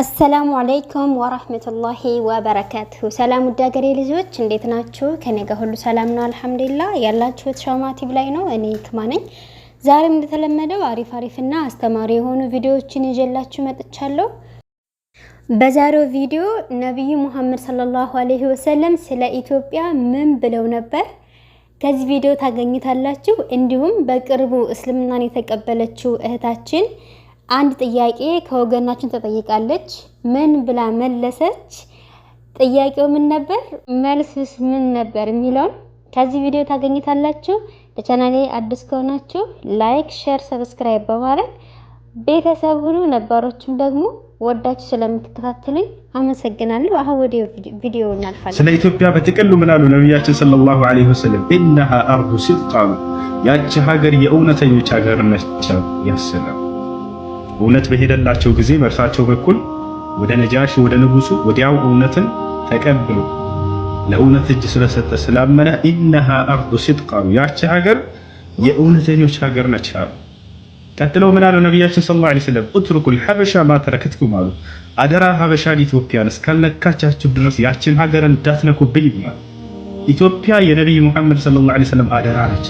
አሰላሙ አለይኩም ወራህመቱላሂ ወበረካቱሁ። ሰላም ውድ አገሬ ልጆች እንዴት ናችሁ? ከኔ ጋር ሁሉ ሰላም ነው አልሐምዱሊላህ። ያላችሁት ሻማቲቭ ላይ ነው። እኔ ህክማ ነኝ። ዛሬም እንደተለመደው አሪፍ አሪፍና አስተማሪ የሆኑ ቪዲዮዎችን ይዤላችሁ መጥቻለሁ። በዛሬው ቪዲዮ ነቢዩ ሙሐመድ ሰለላሁ አለይሂ ወሰለም ስለ ኢትዮጵያ ምን ብለው ነበር? ከዚህ ቪዲዮ ታገኝታላችሁ። እንዲሁም በቅርቡ እስልምናን የተቀበለችው እህታችን አንድ ጥያቄ ከወገናችን ተጠይቃለች። ምን ብላ መለሰች? ጥያቄው ምን ነበር? መልስስ ምን ነበር የሚለውን ከዚህ ቪዲዮ ታገኝታላችሁ። ለቻናሌ አዲስ ከሆናችሁ ላይክ፣ ሼር፣ ሰብስክራይብ በማድረግ ቤተሰብ ሁኑ። ነባሮችም ደግሞ ወዳችሁ ስለምትከታተሉኝ አመሰግናለሁ። አሁን ወደ ቪዲዮ እናልፋለን። ስለ ኢትዮጵያ በጥቅሉ ምን አሉ ነቢያችን ሰለላሁ ዐለይሂ ወሰለም? ኢነሃ አርዱ ሲድቅ ያቺ ሀገር የእውነተኞች ሀገር ነች። ያሰላም እውነት በሄደላቸው ጊዜ በእርሳቸው በኩል ወደ ነጃሽ ወደ ንጉሱ ወዲያው እውነትን ተቀብሎ ለእውነት እጅ ስለሰጠ ስላመነ ኢነሃ አርዱ ሲድቅ አሉ። ያቺ ሀገር የእውነተኞች ሀገር ነች አሉ። ቀጥለው ምን አሉ ነቢያችን ሰለላሁ ዐለይሂ ወሰለም ኡትሩኩል ልሐበሻ ማተረክትኩም አሉ። አደራ ሀበሻን ኢትዮጵያን እስካልነካቻችሁ ድረስ ያችን ሀገር እንዳትነኩብኝ ይላል። ኢትዮጵያ የነቢይ ሙሐመድ ሰለላሁ ዐለይሂ ወሰለም አደራ ነች።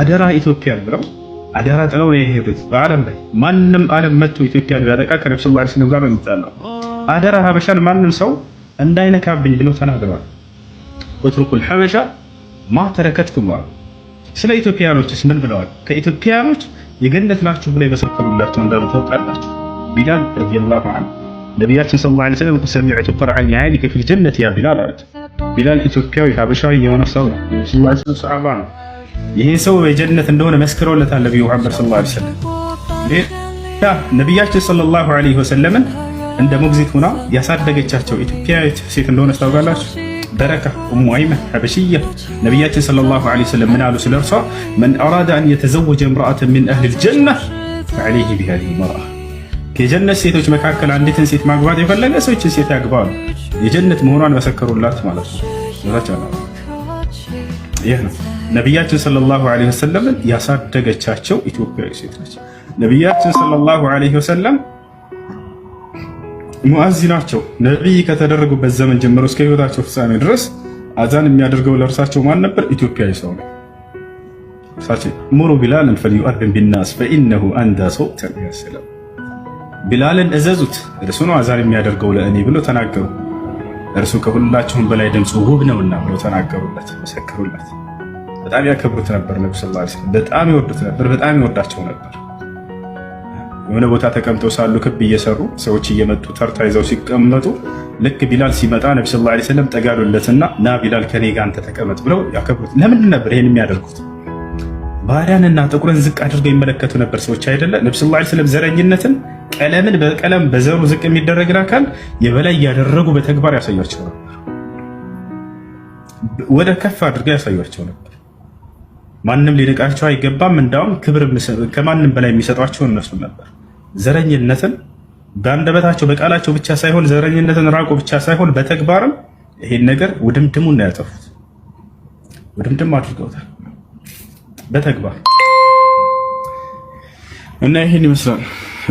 አደራ ኢትዮጵያን ብለው አደራ ጥለው ነው የሄዱት። በዓለም ላይ ማንም ዓለም መጥቶ ኢትዮጵያ ቢያጠቃ ከነብዩ ሰለላሁ ዐለይሂ ወሰለም ጋር ነው የሚጣለው። አደራ ሀበሻን ማንም ሰው እንዳይነካብኝ ብሎ ተናግረዋል። ወትሩኩል ሀበሻ ማ ተረከትኩም አሉ። ስለ ኢትዮጵያኖችስ ምን ብለዋል? ከኢትዮጵያኖች የገነት ናችሁ ብለው የመሰከሩላቸው እንዳሉ ታውቃላችሁ። ቢላል ረዲየላሁ ዐንሁ ነቢያችን ሰለላሁ ዐለይሂ ወሰለም ሰሚዕቱ ቀርዐን የዓሊከ ፊል ጀነት ያ ቢላል አሉት። ቢላል ኢትዮጵያዊ ሀበሻዊ የሆነ ሰው ነው። ሰለላሁ ዐለይሂ ወሰለም ሰዓባ ነው ይሄ ሰው በጀነት እንደሆነ መስክሮለታል ነብዩ መሐመድ ሰለላሁ ዐለይሂ ወሰለም። ሌላ ነብያችን ሰለላሁ ዐለይሂ ወሰለምን እንደ ሞግዚት ሆና ያሳደገቻቸው ኢትዮጵያዊት ሴት እንደሆነ ታውቃላችሁ። በረካ ኡሙ አይመን ሐበሽያ። ነብያችን ሰለላሁ ዐለይሂ ወሰለም ምን አሉ ስለ እርሷ? መን አራደ አን የተዘወጀ እምራአተን ሚን አህሊል ጀና ፈዐለይሂ ቢሃዚሂ መርአ። ከጀነት ሴቶች መካከል አንዲትን ሴት ማግባት የፈለገ ሰዎችን ሴት ያግባሉ። የጀነት መሆኗን መሰከሩላት ማለት ነው። ይህ ነው ነቢያችን ሰለላሁ ዐለይሂ ወሰለምን ያሳደገቻቸው ኢትዮጵያዊ ሴት ነች። ነቢያችን ሰለላሁ ዐለይሂ ወሰለም ሙአዚን ናቸው። ነቢይ ከተደረጉበት ዘመን ጀምሮ እስከ ህይወታቸው ፍጻሜ ድረስ አዛን የሚያደርገው ለእርሳቸው ማን ነበር? ኢትዮጵያዊ ሰው ነው። ሙሩ ቢላልን ፈልዩአዝን ቢናስ ፈኢነሁ አንዳ ሰው ያሰለም ቢላልን እዘዙት፣ እርሱ ነው አዛን የሚያደርገው ለእኔ ብሎ ተናገሩ። እርሱ ከሁላችሁም በላይ ድምፁ ውብ ነውና ብሎ ተናገሩለት፣ መሰከሩለት። በጣም ያከብሩት ነበር። ነብዩ ሰለላሁ ዐለይሂ ወሰለም በጣም ይወዱት ነበር፣ በጣም ይወዳቸው ነበር። የሆነ ቦታ ተቀምጠው ሳሉ ክብ እየሰሩ ሰዎች እየመጡ ተርታ ይዘው ሲቀመጡ ልክ ቢላል ሲመጣ ነብዩ ሰለላሁ ዐለይሂ ወሰለም ጠጋሉለትና ና ቢላል ከኔ ጋር አንተ ተቀመጥ ብለው ያከብሩት። ለምንድን ነበር ይሄን የሚያደርጉት? ባሪያንና ጥቁርን ዝቅ አድርገው ይመለከቱ ነበር ሰዎች አይደለ? ነብዩ ሰለላሁ ዐለይሂ ወሰለም ዘረኝነትን ቀለምን በቀለም በዘሩ ዝቅ የሚደረግን አካል የበላይ እያደረጉ በተግባር ያሳያቸው ነበር። ወደ ከፍ አድርገው ያሳያቸው ነበር። ማንም ሊንቃቸው አይገባም። እንዳውም ክብር ከማንም በላይ የሚሰጧቸው እነሱ ነበር። ዘረኝነትን በአንደበታቸው በቃላቸው ብቻ ሳይሆን ዘረኝነትን ራቁ ብቻ ሳይሆን በተግባርም ይሄን ነገር ውድምድሙን ነው ያጠፉት። ውድምድም አድርገውታል በተግባር እና ይህን ይመስላል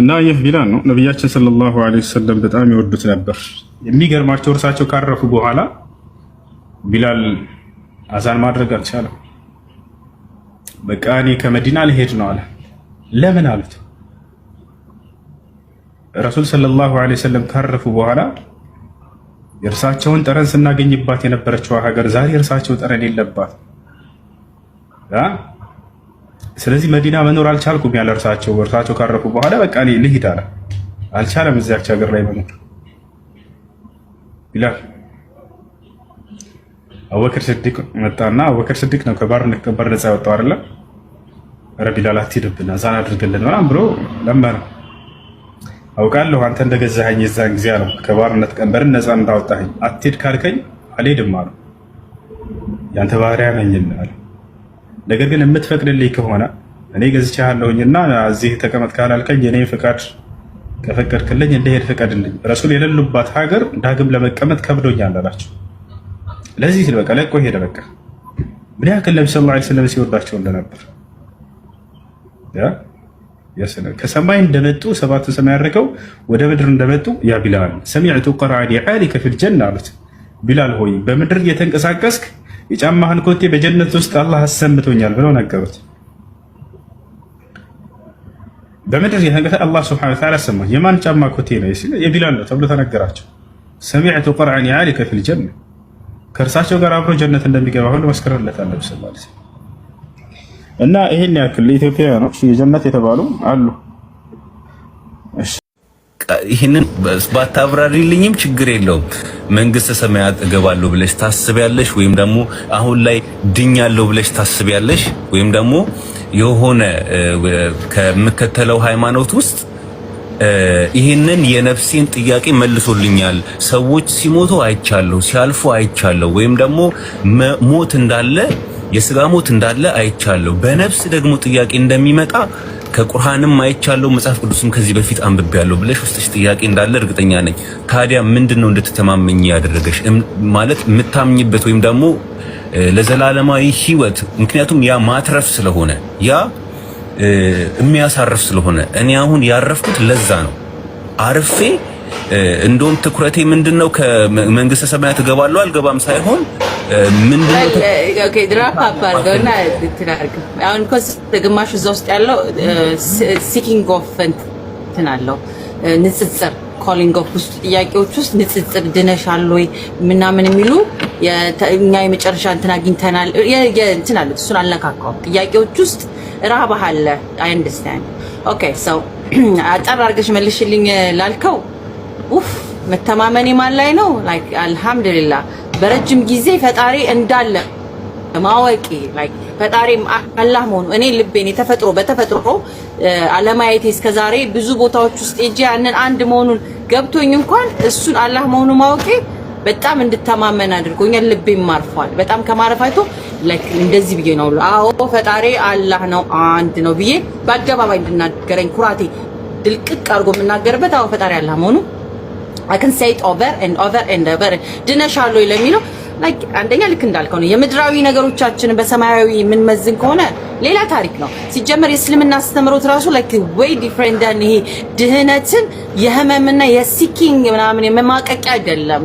እና ይህ ቢላል ነው። ነቢያችን ሰለላሁ ዐለይሂ ወሰለም በጣም ይወዱት ነበር። የሚገርማቸው እርሳቸው ካረፉ በኋላ ቢላል አዛን ማድረግ አልቻለም። በቃ እኔ ከመዲና ልሄድ ነው አለ። ለምን አሉት። ረሱል ሰለላሁ ዐለይሂ ወሰለም ካረፉ በኋላ የእርሳቸውን ጠረን ስናገኝባት የነበረችው ሀገር ዛሬ የእርሳቸው ጠረን የለባት። ስለዚህ መዲና መኖር አልቻልኩም ያለ እርሳቸው እርሳቸው ካረፉ በኋላ በቃ ልሂድ አለ። አልቻለም እዚያች ሀገር ላይ መኖር አቡበክር ስዲቅ መጣና አቡበክር ስዲቅ ነው ከባርነት ቀንበር ነፃ ያወጣው አይደለ? አይደለም። ረቢላል አትሂድብን አዛን አድርግልን ምናምን ብሎ ለመነ። አውቃለሁ አንተ እንደገዛኸኝ የዛን ጊዜ አለው ከባርነት ቀንበርን ነፃ እንዳወጣኸኝ። አትሄድ ካልከኝ አልሄድም አለው። ያንተ ባሪያ ነኝ አለ። ነገር ግን የምትፈቅድልኝ ከሆነ እኔ ገዝቻለሁኝና እዚህ ተቀመጥ ካላልከኝ የኔ ፍቃድ ከፈቀድክልኝ እንደሄድ ፍቀድልኝ። ረሱል የሌሉባት ሀገር ዳግም ለመቀመጥ ከብዶኛል አላቸው። ለዚህ ሲል በቃ ለቆ ሄደ። በቃ ምን ያክል ነብዩ ሰለላሁ ዐለይሂ ወሰለም ሲወዳቸው እንደነበር ከሰማይ እንደመጡ ሰባት ሰማይ አድርገው ወደ ምድር እንደመጡ ያ ቢላል ሰሚዕቱ ቀርዐ ዓሊከ ፊል ጀና አሉት። ቢላል ሆይ በምድር እየተንቀሳቀስክ የጫማህን ኮቴ በጀነት ውስጥ አላህ አሰምቶኛል ብለው ነገሩት። በምድር የተንቀሳ አላህ ስብሐነሁ ወተዓላ ሰማ። የማን ጫማ ኮቴ ነው? የቢላል ነው ተብሎ ተነገራቸው። ሰሚዕቱ ቀርዐ ዓሊከ ፊል ጀና ከእርሳቸው ጋር አብሮ ጀነት እንደሚገባ ሁሉ መስክረውለታል ነብዩ ሰለላሁ ዐለይሂ ወሰለም። እና ይሄን ያክል ኢትዮጵያውያኖች የጀነት የተባሉ አሉ። ይህንን ባታብራሪልኝም ችግር የለውም። መንግስተ ሰማያት እገባለሁ ብለሽ ታስቢያለሽ፣ ወይም ደግሞ አሁን ላይ ድኛለሁ ብለሽ ታስቢያለሽ፣ ወይም ደግሞ የሆነ ከምከተለው ሃይማኖት ውስጥ ይህንን የነፍሴን ጥያቄ መልሶልኛል። ሰዎች ሲሞቱ አይቻለሁ፣ ሲያልፉ አይቻለሁ። ወይም ደግሞ ሞት እንዳለ የስጋ ሞት እንዳለ አይቻለሁ። በነፍስ ደግሞ ጥያቄ እንደሚመጣ ከቁርሃንም አይቻለሁ፣ መጽሐፍ ቅዱስም ከዚህ በፊት አንብቤያለሁ ብለሽ ውስጥሽ ጥያቄ እንዳለ እርግጠኛ ነኝ። ታዲያ ምንድን ነው እንድትተማመኝ ያደረገሽ? ማለት የምታምኝበት ወይም ደግሞ ለዘላለማዊ ህይወት ምክንያቱም ያ ማትረፍ ስለሆነ ያ የሚያሳርፍ ስለሆነ እኔ አሁን ያረፍኩት ለዛ ነው። አርፌ እንደውም ትኩረቴ ምንድነው ከመንግስተ ሰማያት እገባለሁ አልገባም ሳይሆን ምንድነው ኦኬ ድራፕ አባርገውና ትናርግ አሁን ኮስ ግማሽ እዛ ውስጥ ያለው ሲኪንግ ኦፍ እንትን አለው ንጽጽር ኮሊንግ ኦፍ ውስጥ ጥያቄዎች ውስጥ ንጽጽር ድነሻል ወይ ምናምን የሚሉ እኛ የመጨረሻ እንትን አግኝተናል እንትን አለ። እሱን አልነካካውም። ጥያቄዎች ውስጥ ረሃብ አለ። አንደርስታንድ ኦኬ። ሰው አጠር አድርገሽ መልሽልኝ ላልከው ኡፍ መተማመን ማን ላይ ነው? ላይክ አልሐምዱሊላህ በረጅም ጊዜ ፈጣሪ እንዳለ ማወቂ ላይክ ፈጣሪ አላህ መሆኑ እኔ ልቤን የተፈጥሮ በተፈጥሮ አለማየቴ እስከዛሬ ብዙ ቦታዎች ውስጥ እጄ ያንን አንድ መሆኑን ገብቶኝ እንኳን እሱን አላህ መሆኑ ማወቂ በጣም እንድተማመን አድርጎኛል። ልቤ አርፏል። በጣም ከማረፋይቶ ላይክ እንደዚህ ብዬ ነው አዎ ፈጣሪ አላህ ነው አንድ ነው ብዬ በአደባባይ እንድናገረኝ ኩራቴ ድልቅቅ አድርጎ የምናገርበት አዎ ፈጣሪ አላህ መሆኑ አይ ካን ሴ ኢት ኦቨር ኤንድ ኦቨር ኤንድ ኦቨር ድነሻል ለሚለው ላይክ አንደኛ ልክ እንዳልከው ነው። የምድራዊ ነገሮቻችንን በሰማያዊ የምንመዝን ከሆነ ሌላ ታሪክ ነው። ሲጀመር የእስልምና አስተምሮት ራሱ ላይክ ዌይ ዲፍረንት ዳን ይሄ ድህነትን የህመምና የሲኪንግ ምናምን የመማቀቂያ አይደለም።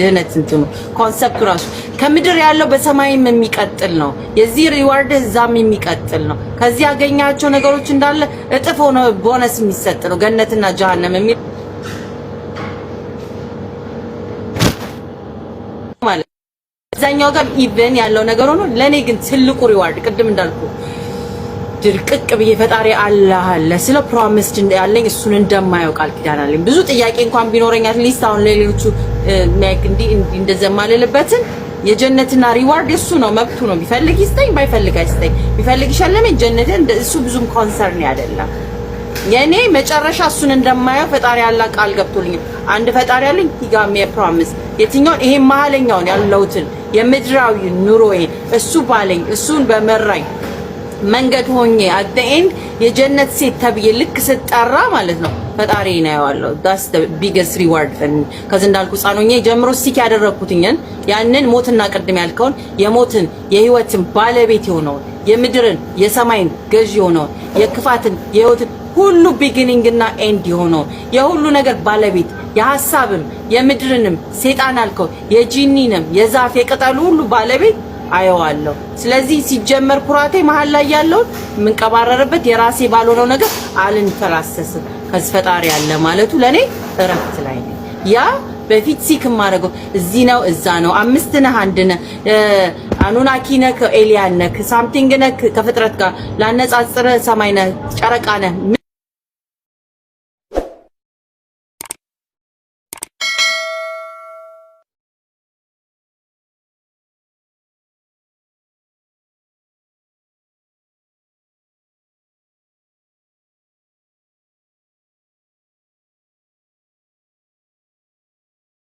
ድህነት እንትኑ ኮንሰፕቱ ራሱ ከምድር ያለው በሰማይም የሚቀጥል ነው። የዚህ ሪዋርድ እዛም የሚቀጥል ነው። ከዚህ ያገኛቸው ነገሮች እንዳለ እጥፍ ሆነ ቦነስ የሚሰጥ ነው። ገነትና ጀሃነም የሚል እዛኛው ጋር ኢቨን ያለው ነገር ሆኖ ለኔ ግን ትልቁ ሪዋርድ ቅድም እንዳልኩ ድርቅቅ ብዬ ፈጣሪ አላህ አለ ስለ ፕሮሚስድ እንደ ያለኝ እሱን እንደማየው ቃል ኪዳን አለኝ። ብዙ ጥያቄ እንኳን ቢኖረኝ አትሊስት አሁን ለሌሎቹ ማይክ እንዲ እንደዘማልልበትን የጀነትና ሪዋርድ እሱ ነው፣ መብቱ ነው። ቢፈልግ ይስጠኝ፣ ባይፈልግ አይስጠኝ። ቢፈልግ ይሸለመኝ። ጀነትን እሱ ብዙም ኮንሰርን ያደለም የኔ መጨረሻ እሱን እንደማየው ፈጣሪ ያላ ቃል ገብቶልኝ፣ አንድ ፈጣሪ አለኝ ይጋም የፕሮሚስ የትኛውን ይሄን መሀለኛውን ያለውትን የምድራዊ ኑሮዬን እሱ ባለኝ እሱን በመራኝ መንገድ ሆኜ አደን የጀነት ሴት ተብዬ ልክ ስጠራ ማለት ነው ፈጣሪ ነው ያለው። ዳስ ዘ ቢገስት ሪዋርድ ፈን ከዚህ እንዳልኩ ህጻን ሆኜ ጀምሮ ሲክ ያደረኩትኝን ያንን ሞትና ቅድም ያልከውን የሞትን የህይወትን ባለቤት የሆነውን የምድርን የሰማይን ገዥ የሆነውን የክፋትን የህይወትን ሁሉ ቢግኒንግና ኤንድ የሆነውን የሁሉ ነገር ባለቤት የሀሳብም የምድርንም ሴጣን አልከው የጂኒንም የዛፍ የቅጠሉ ሁሉ ባለቤት አየዋለሁ። ስለዚህ ሲጀመር ኩራቴ መሀል ላይ ያለውን የምንቀባረርበት የራሴ ባልሆነው ነገር አልንፈራሰስም። ከዚህ ፈጣሪ ያለ ማለቱ ለእኔ እረፍት ላይ ያ በፊት ሲክ እዚህ ነው እዛ ነው አምስት ነህ አንድ ነህ አኑናኪ ነክ ኤሊያን ነክ ሳምቲንግ ነክ ከፍጥረት ጋር ላነጻጽረህ ሰማይ ነህ፣ ጨረቃ ነህ